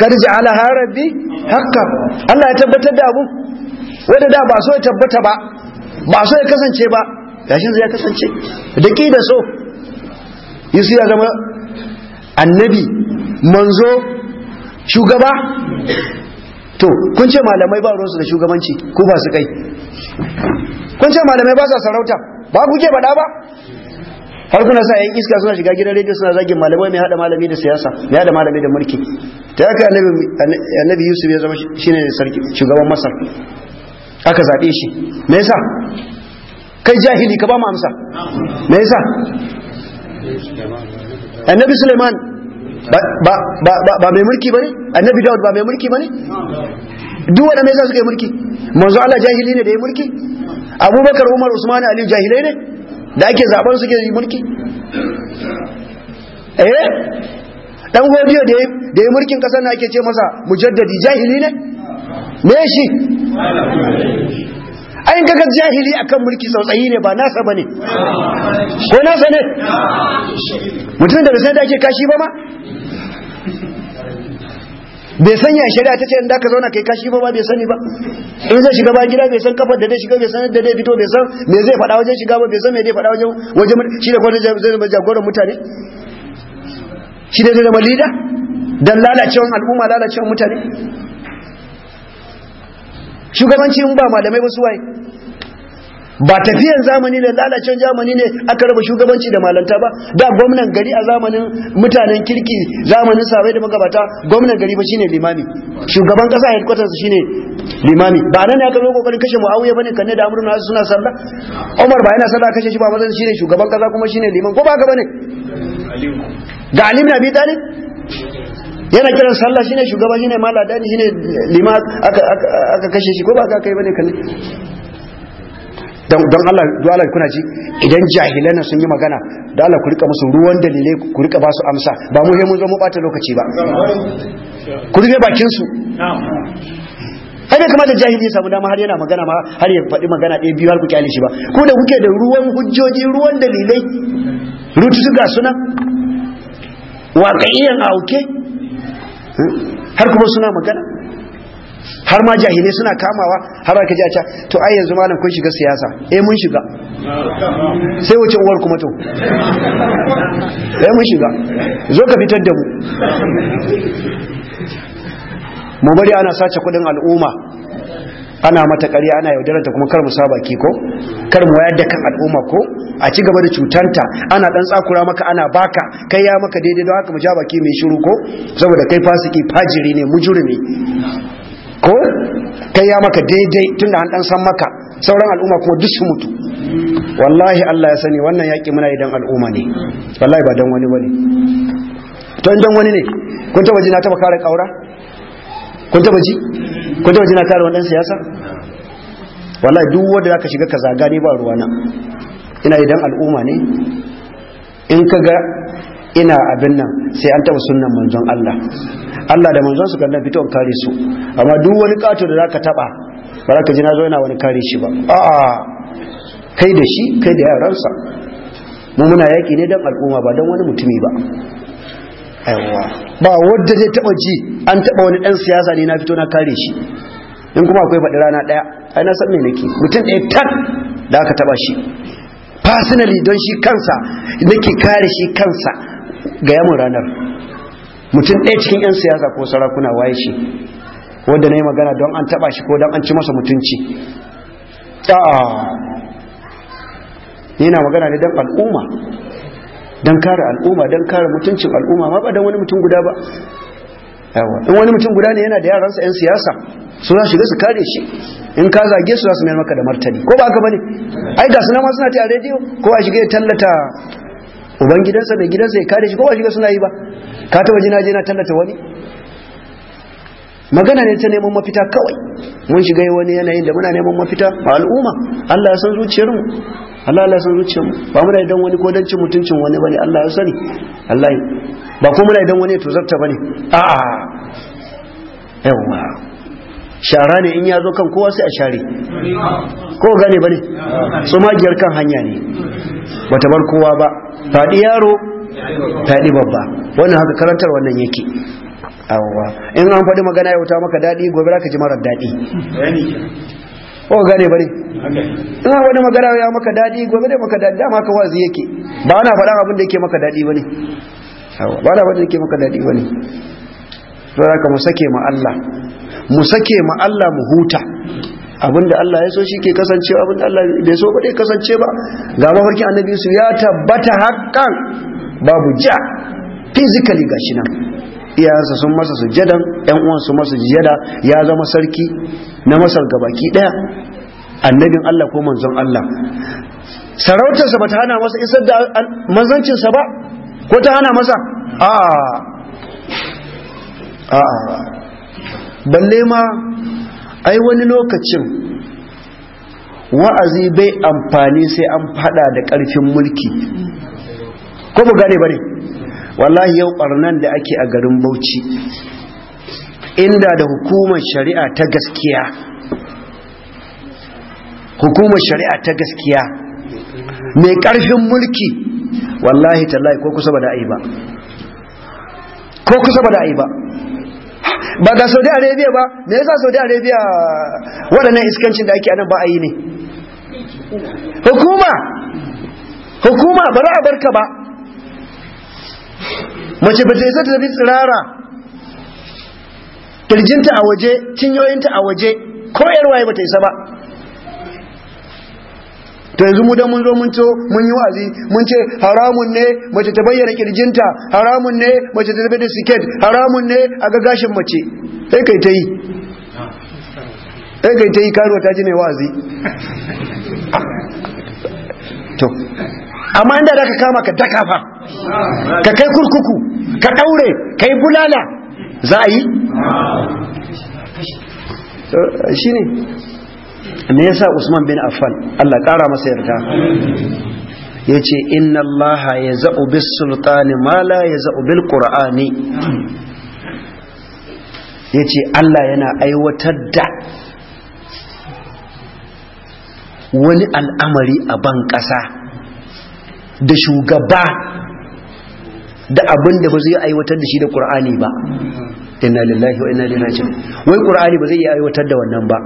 qad ja'alaha harabi haqqan Allah ya tabbatar da abu wanda da ba so ya tabbata ba ba so ya kasance ba gashin zai kasance da ki da so Yusuf ya zama annabi manzo shugaba to kun ce malamai ba ruwansu da shugabanci ko ba su kai kun ce malamai ba sa sarauta ba ku ke bada ba har kuna sa yan iska suna shiga gidan rediyo suna zagin malamai mai hada malami da siyasa mai hada malami da mulki ta haka annabi yusuf ya zama shine sarki shugaban masar aka zaɓe shi me yasa kai jahili ka ba mu amsa me yasa annabi suleiman ba mai mulki ba ne annabi dawud ba mai mulki ba ne duk wanda mai sa suka yi mulki manzo Allah jahili ne da ya mulki abubakar umar usman ali jahilai ne da ake zaben suke yi mulki eh dan hodiyo da ya mulkin kasar na ake ce masa mujaddadi jahili ne me shi ayin ga jahili akan mulki tsautsayi ne ba nasa bane ko nasa ne mutum da bai da ake kashi ba ma bai san ya shari'a ta ce in ka zauna kai kashi ba ba bai sani ba in zai shiga bayan gida bai san kafar da zai shiga bai san da zai fito bai san me zai faɗa wajen shiga ba bai san me zai faɗa wajen wajen shi da kwanan zai zama jagoran mutane shi da zama lida don lalacewan al'umma lalacewan mutane shugabanci in ba malamai ba su waye ba tafiyan zamani ne lalacen zamani ne aka raba shugabanci da malanta ba da gwamnan gari a zamanin mutanen kirki zamanin sabai da magabata gwamnan gari ba shine limami shugaban kasa headquarters shine limami ba nan ne aka zo kokarin kashe muawiya bane kanne da amrun nasu suna sallah umar ba yana sallah kashe shi ba mazan shine shugaban kasa kuma shine liman ko ba ga bane ga alim na bi talib yana kiran sallah shine shugaba shine maladani shine liman aka kashe shi ko ba ga kai bane kanne don Allah duwalar kuna ji idan jahilana sun yi magana da Allah ku rika musu ruwan dalilai ku rika ba su amsa ba mu mun zo mu bata lokaci ba ku rike bakin su ai kamar da jahili ya samu dama har yana magana ma har ya faɗi magana ɗaya biyu har ku kyale shi ba ko da kuke da ruwan hujjoji ruwan dalilai su ga suna waƙaiyan auke har kuma suna magana har ma jahilai suna kamawa har aka ji a to ai yanzu malam kun shiga siyasa eh mun shiga sai wace uwar kuma to eh mun shiga zo ka fitar da mu mu bari ana sace kudin al'umma ana mata ƙarya ana yaudaranta kuma kar mu saba ki ko kar mu wayar da kan al'umma ko a ci gaba da cutanta ana dan tsakura maka ana baka kai ya maka daidai don haka mu ja baki mai shiru ko saboda kai fasiki fajiri ne mujurmi ko kai ya maka daidai tun da an san maka sauran al'umma kuma duk su mutu wallahi Allah ya sani wannan yaƙi muna idan al'umma ne wallahi ba dan wani bane to dan wani ne kun taba ji na taba kare kaura kun taba ji kun taba ji na kare wannan siyasa wallahi duk wanda zaka shiga ka zaga ne ba ruwana ina idan al'umma ne in kaga ina abin nan sai an taba sunnan manzon Allah Allah da manzon su kannan fito kare su amma duk wani kato da zaka taba ba zaka ji na zo yana wani kare shi ba a'a kai da shi kai da sa, mu muna yaki ne dan al'umma ba dan wani mutumi ba aiwa ba wanda zai taba ji an taba wani dan siyasa ne na fito na kare shi in kuma akwai fadi rana daya ai na san me nake mutum ɗaya tan da aka taba shi personally don shi kansa nake kare shi kansa ga yamin ranar mutum ɗaya cikin 'yan siyasa ko sarakuna waye shi wanda na yi magana don an taɓa shi ko don an ci masa mutunci yana magana ne don al'umma don kare al'umma don kare mutuncin al'umma ma ba don wani mutum guda ba yawa in wani mutum guda ne yana da yaransa 'yan siyasa su za shiga su kare shi in ka zage su za su mayar maka da martani ko ba aka bane ai ga suna suna ta a rediyo ko a shiga ya tallata ubangidansa mai gidansa ya kare shi ko ba shiga suna yi ba ka taba jina-jina tallata wani magana ne ta neman mafita kawai mun shiga wani yanayin da muna neman mafita a al'umma Allah ya san zuciyarmu Allah Allah ya san zuciyarmu ba muna idan wani ko dan mutuncin wani bane Allah ya sani Allah ba ko muna idan wani to zarta bane a a yawa shara ne in ya zo kan kowa sai a share ko gane bane su magiyar kan hanya ne bata bar kowa ba faɗi yaro faɗi babba wannan haka karantar wannan yake awwa in an faɗi magana ya wuta maka daɗi gobe za ka ji marar daɗi ko gane in an faɗi magana ya maka daɗi gobe da maka daɗi dama ka wazi yake ba ana faɗan abin da yake maka daɗi bane ba ana faɗin da yake maka daɗi bane za ka mu sake ma Allah mu sake ma Allah mu huta da Allah ya so shi ke kasancewa da Allah bai so ba dai kasance ba ga mafarkin annabi su ya tabbata haƙƙan babu ja physically gashi nan iyayensa sun masa sujjadan yan uwan su masa sujjada ya zama sarki na masar gabaki daya annabin Allah ko manzon Allah sarautarsa ba ta hana masa isar da manzancinsa ba ko ta hana masa a a balle ma ai wani lokacin wa'azi bai amfani sai an fada da ƙarfin mulki ko mu gane ba ne wallahi yau barnan da ake a garin bauchi inda da hukumar shari'a ta gaskiya hukumar shari'a ta gaskiya mai karfin mulki wallahi tallahi ko kusa ba da ai ba ko kusa ba da ai ba ba ga saudi arabia ba me yasa saudi arabia waɗannan iskancin da ake anan ba a yi ne hukuma hukuma ba za a barka ba mace ba ta isa ta tafi tsirara kirjinta a waje cinyoyinta a waje ko yarwaye ba ta isa ba to yanzu mu da mun zo mun to mun yi wazi, mun ce haramun ne mace ta bayyana kirjinta haramun ne mace ta tafi da siket haramun ne a ga gashin mace sai kai ta yi sai kai ta yi karuwa ta ji mai wazi. <laughs> amma inda da ka kama ka daka fa ka kai kurkuku ka daure ka yi bulala za a yi eh, shi ne me yasa usman bin affan allah kara masa yarda ya ce inna allaha ya za'u bis sultani ma ya za'u bil qur'ani ya ce allah yana aiwatar da wani al'amari a ban ƙasa da shugaba da abin da ba zai aiwatar da shi da ƙur'ani ba inna lillahi wa inna ilaihi raji'un wai qur'ani ba zai iya aiwatar da wannan ba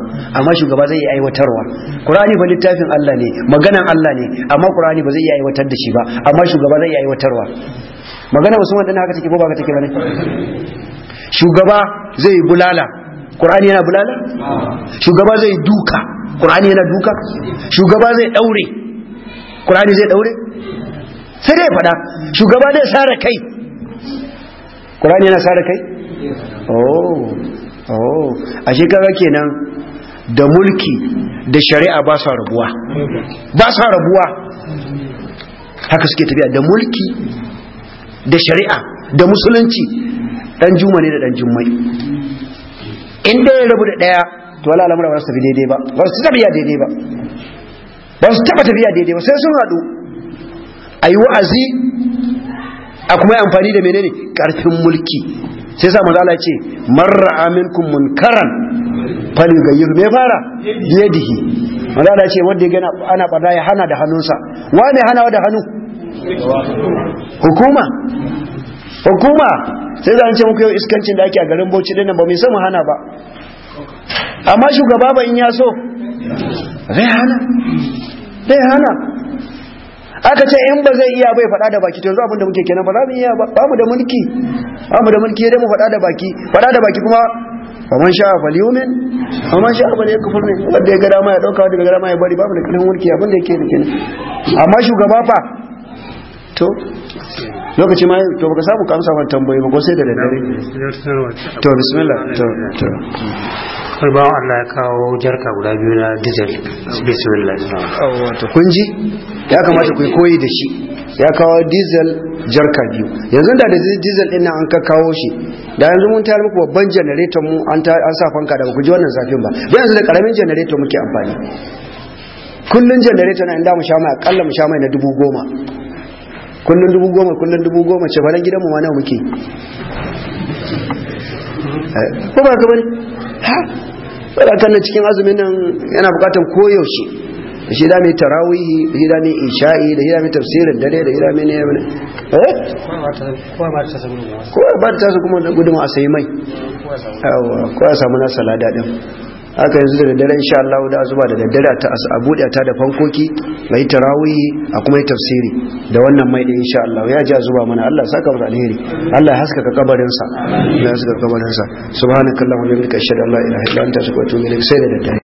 amma shugaba zai iya aiwatarwa qur'ani ba littafin Allah ne maganan Allah ne amma qur'ani ba zai iya aiwatar da shi ba amma shugaba zai iya aiwatarwa magana Usman dan haka take ko ba haka take bane shugaba zai bulala qur'ani yana bulala shugaba zai duka qur'ani yana duka shugaba zai daure Kur'ani zai daure sai dai faɗa shugaba dai sare kai Kur'ani yana sare kai oh oh a shekara kenan da mulki da shari'a ba sa rabuwa ba sa rabuwa haka suke tafiya da mulki da shari'a da musulunci dan juma ne da dan jummai Inda ya rabu da daya to wala al'amura ba su tafi daidai ba ba su tafiya daidai ba ba su taba tafiya daidai ba sai sun haɗu a yi wa'azi a kuma yi amfani da menene ƙarfin mulki sai sa mazala ce marra aminkum munkaran falin gayyar mai fara biyadihi mazala ce wanda ya gana ana ɓada ya hana da hannunsa wa ne wa da hannu hukuma hukuma sai za a ce muku yau iskancin da ake a garin bauchi dinnan ba mai mu hana ba amma shugaba ba in ya so zai hana zai hana aka ce in ba zai iya bai fada da baki to yanzu abinda muke kenan ba za mu iya ba mu da mulki ba mu da mulki ya mu faɗa da baki faɗa da baki kuma faman sha fa liyumin sha fa yakfur min wanda ya ga ma ya dauka wanda ya ma ya bari ba mu da kanin mulki abinda yake da kenan amma shugaba fa to lokaci ma to baka samu kamsa wannan tambayoyi ba ko sai da daddare to bismillah to to akwai Allah ya kawo jarka guda biyu na diesel bismillah wato kun ji ya kamata ku koyi da shi ya kawo diesel jarka biyu yanzu da da diesel din nan an ka kawo shi da yanzu mun tayar muku babban generator mu an ta an sa fanka da ku ji wannan zafin ba da yanzu da karamin generator muke amfani kullun generator na inda mu sha mai akalla mu sha mai na dubu goma kullun dubu goma kullun dubu goma ce nan gidan mu ma nawa muke eh, ko ba ka bane ha kan na cikin azumin nan yana bukatan koyaushe da shi dami tarawihi da shi dami isha'i da shi dami tafsirin dare da shi dami ne yamina eh? kowa ba ta tasa kuma gudunmu a sayi mai kowa samu nasa lada din haka yanzu da daddare insha Allah da zuba da daddare ta a buɗe ta da fankoki mai tarawihi a kuma tafsiri da wannan mai da insha Allah ya ji a zuba mana Allah saka mu alheri Allah ya haskaka kabarin sa Allah ya haska kabarin sa subhanakallahumma wa bihamdika ashhadu an la ilaha illa anta astaghfiruka wa atubu ilayk sai da daddare